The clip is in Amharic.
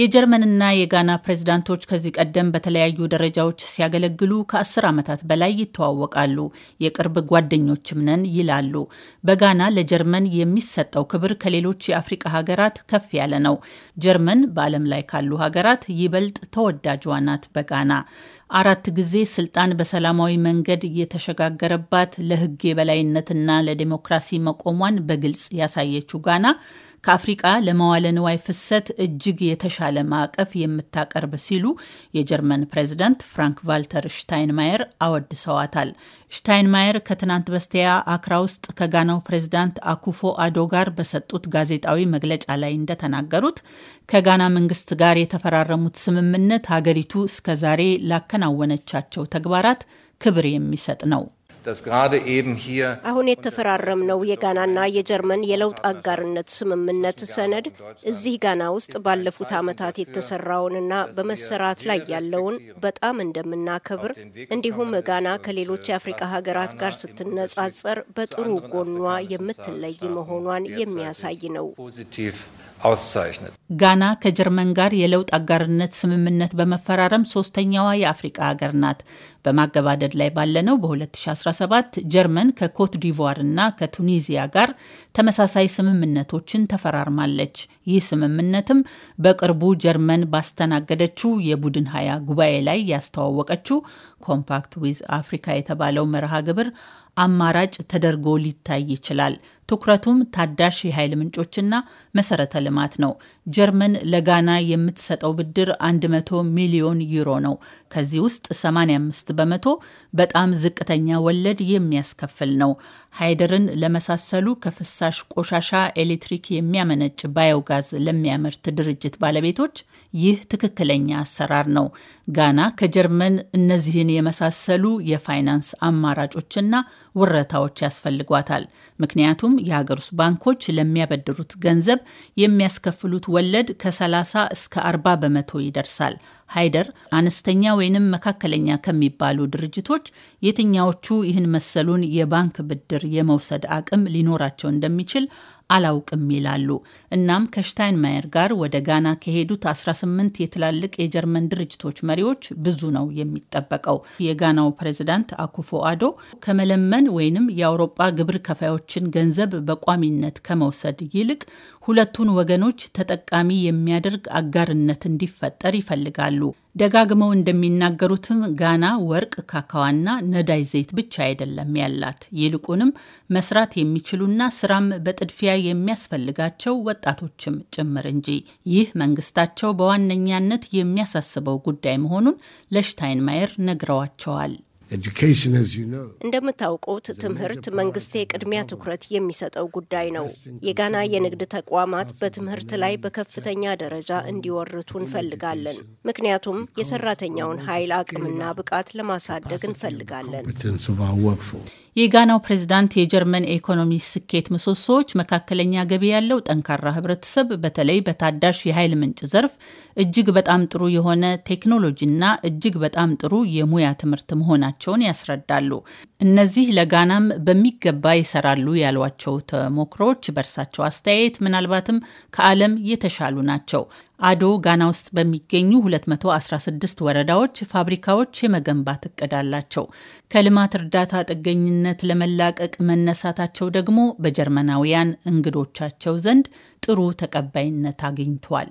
የጀርመንና የጋና ፕሬዝዳንቶች ከዚህ ቀደም በተለያዩ ደረጃዎች ሲያገለግሉ ከአስር ዓመታት በላይ ይተዋወቃሉ፣ የቅርብ ጓደኞችም ነን ይላሉ። በጋና ለጀርመን የሚሰጠው ክብር ከሌሎች የአፍሪቃ ሀገራት ከፍ ያለ ነው። ጀርመን በዓለም ላይ ካሉ ሀገራት ይበልጥ ተወዳጇ ናት። በጋና አራት ጊዜ ስልጣን በሰላማዊ መንገድ የተሸጋገረባት ለህግ የበላይነትና ለዲሞክራሲ መቆሟን በግልጽ ያሳየችው ጋና ከአፍሪቃ ለመዋለ ንዋይ ፍሰት እጅግ የተሻለ ማዕቀፍ የምታቀርብ ሲሉ የጀርመን ፕሬዝዳንት ፍራንክ ቫልተር ሽታይንማየር አወድሰዋታል። ሽታይንማየር ከትናንት በስቲያ አክራ ውስጥ ከጋናው ፕሬዝዳንት አኩፎ አዶ ጋር በሰጡት ጋዜጣዊ መግለጫ ላይ እንደተናገሩት ከጋና መንግስት ጋር የተፈራረሙት ስምምነት ሀገሪቱ እስከዛሬ ላከናወነቻቸው ተግባራት ክብር የሚሰጥ ነው። አሁን የተፈራረምነው የጋናና የጀርመን የለውጥ አጋርነት ስምምነት ሰነድ እዚህ ጋና ውስጥ ባለፉት ዓመታት የተሰራውንና በመሰራት ላይ ያለውን በጣም እንደምናከብር እንዲሁም ጋና ከሌሎች የአፍሪካ ሀገራት ጋር ስትነጻጸር በጥሩ ጎኗ የምትለይ መሆኗን የሚያሳይ ነው። አውሳይነት ጋና ከጀርመን ጋር የለውጥ አጋርነት ስምምነት በመፈራረም ሶስተኛዋ የአፍሪቃ ሀገር ናት። በማገባደድ ላይ ባለነው በ2017 ጀርመን ከኮት ዲቯር እና ከቱኒዚያ ጋር ተመሳሳይ ስምምነቶችን ተፈራርማለች። ይህ ስምምነትም በቅርቡ ጀርመን ባስተናገደችው የቡድን ሀያ ጉባኤ ላይ ያስተዋወቀችው ኮምፓክት ዊዝ አፍሪካ የተባለው መርሃ ግብር አማራጭ ተደርጎ ሊታይ ይችላል። ትኩረቱም ታዳሽ የኃይል ምንጮችና መሰረተ ልማት ነው። ጀርመን ለጋና የምትሰጠው ብድር 100 ሚሊዮን ዩሮ ነው። ከዚህ ውስጥ 85 በመቶ በጣም ዝቅተኛ ወለድ የሚያስከፍል ነው። ሃይደርን ለመሳሰሉ ከፍሳሽ ቆሻሻ ኤሌክትሪክ የሚያመነጭ ባዮጋዝ ለሚያመርት ድርጅት ባለቤቶች ይህ ትክክለኛ አሰራር ነው። ጋና ከጀርመን እነዚህን የመሳሰሉ የፋይናንስ አማራጮችና ውረታዎች ያስፈልጓታል። ምክንያቱም የሀገር ውስጥ ባንኮች ለሚያበድሩት ገንዘብ የሚያስከፍሉት ወለድ ከ30 እስከ 40 በመቶ ይደርሳል። ሃይደር አነስተኛ ወይንም መካከለኛ ከሚባሉ ድርጅቶች የትኛዎቹ ይህን መሰሉን የባንክ ብድር የመውሰድ አቅም ሊኖራቸው እንደሚችል አላውቅም ይላሉ። እናም ከሽታይንማየር ጋር ወደ ጋና ከሄዱት 18 የትላልቅ የጀርመን ድርጅቶች መሪዎች ብዙ ነው የሚጠበቀው። የጋናው ፕሬዚዳንት አኩፎ አዶ ከመለመን ወይንም የአውሮጳ ግብር ከፋዮችን ገንዘብ በቋሚነት ከመውሰድ ይልቅ ሁለቱን ወገኖች ተጠቃሚ የሚያደርግ አጋርነት እንዲፈጠር ይፈልጋሉ። ይላሉ። ደጋግመው እንደሚናገሩትም ጋና ወርቅ፣ ካካዋና ነዳጅ ዘይት ብቻ አይደለም ያላት። ይልቁንም መስራት የሚችሉና ስራም በጥድፊያ የሚያስፈልጋቸው ወጣቶችም ጭምር እንጂ። ይህ መንግስታቸው በዋነኛነት የሚያሳስበው ጉዳይ መሆኑን ለሽታይንማየር ነግረዋቸዋል። እንደምታውቁት ትምህርት መንግስቴ ቅድሚያ ትኩረት የሚሰጠው ጉዳይ ነው። የጋና የንግድ ተቋማት በትምህርት ላይ በከፍተኛ ደረጃ እንዲወርቱ እንፈልጋለን። ምክንያቱም የሰራተኛውን ኃይል አቅምና ብቃት ለማሳደግ እንፈልጋለን። የጋናው ፕሬዝዳንት የጀርመን ኢኮኖሚ ስኬት ምሰሶዎች መካከለኛ ገቢ ያለው ጠንካራ ህብረተሰብ፣ በተለይ በታዳሽ የኃይል ምንጭ ዘርፍ እጅግ በጣም ጥሩ የሆነ ቴክኖሎጂና እጅግ በጣም ጥሩ የሙያ ትምህርት መሆናቸውን ያስረዳሉ። እነዚህ ለጋናም በሚገባ ይሰራሉ ያሏቸው ተሞክሮች በእርሳቸው አስተያየት ምናልባትም ከዓለም የተሻሉ ናቸው። አዶ ጋና ውስጥ በሚገኙ 216 ወረዳዎች ፋብሪካዎች የመገንባት እቅድ አላቸው። ከልማት እርዳታ ጥገኝነት ለመላቀቅ መነሳታቸው ደግሞ በጀርመናውያን እንግዶቻቸው ዘንድ ጥሩ ተቀባይነት አግኝቷል።